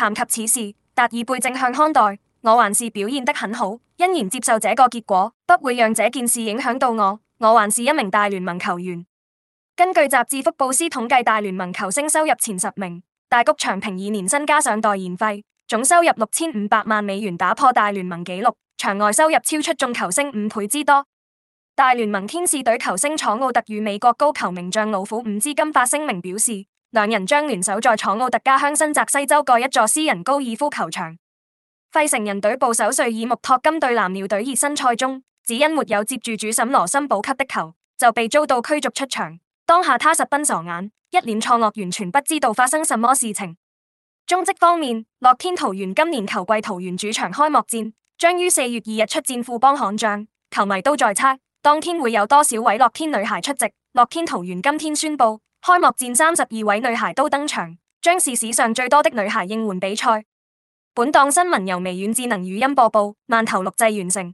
談及此事，達爾貝正向看待，我還是表現得很好，欣然接受這個結果，不會讓這件事影響到我。我還是一名大聯盟球員。根據雜誌《福布斯》統計，大聯盟球星收入前十名，大谷翔平以年薪加上代言費，總收入六千五百萬美元，打破大聯盟紀錄，場外收入超出眾球星五倍之多。大聯盟天使隊球星闖奧特與美國高球名將老虎伍茲金發聲明表示。兩人將聯手在闖奧特家鄉新澤西州蓋一座私人高爾夫球場。費城人隊捕手瑞爾穆托今對藍鳥隊熱身賽中，只因沒有接住主審羅森堡給的球，就被遭到驅逐出場。當下他十分傻眼，一臉錯愕，完全不知道發生什麼事情。中職方面，樂天桃園今年球季桃園主場開幕戰將於四月二日出戰富邦悍將，球迷都在猜當天會有多少位樂天女孩出席。樂天桃園今天宣布。開幕戰三十二位女孩都登場，將是史上最多的女孩應援比賽。本檔新聞由微軟智能語音播報，慢投錄製完成。